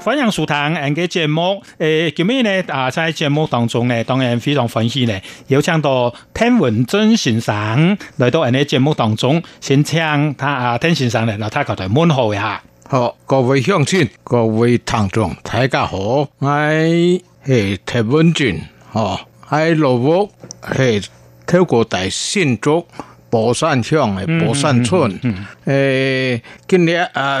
歡迎收聽《我們的節目》呃，誒今天咧，啊，在節目當中咧，當然非常歡喜咧。有請到鄧文政先生來到我們的節目當中，先請他啊，鄧先生咧，同他求台問候一下。好、嗯，各位鄉親，各位聽眾，大家好，我係鄧文政，嗬，喺羅屋係泰國大新竹寶山鄉的寶山村，誒，今年啊。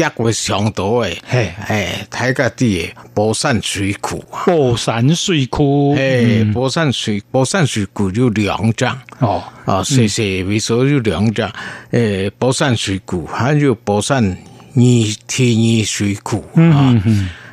也會上島誒，誒，誒，睇下啲嘢，寶山水庫，寶山水庫，誒，寶山水，寶、嗯、山水庫有兩張，哦，哦，謝謝，為數有兩張，誒，寶山水庫，還有寶山二天二水庫啊。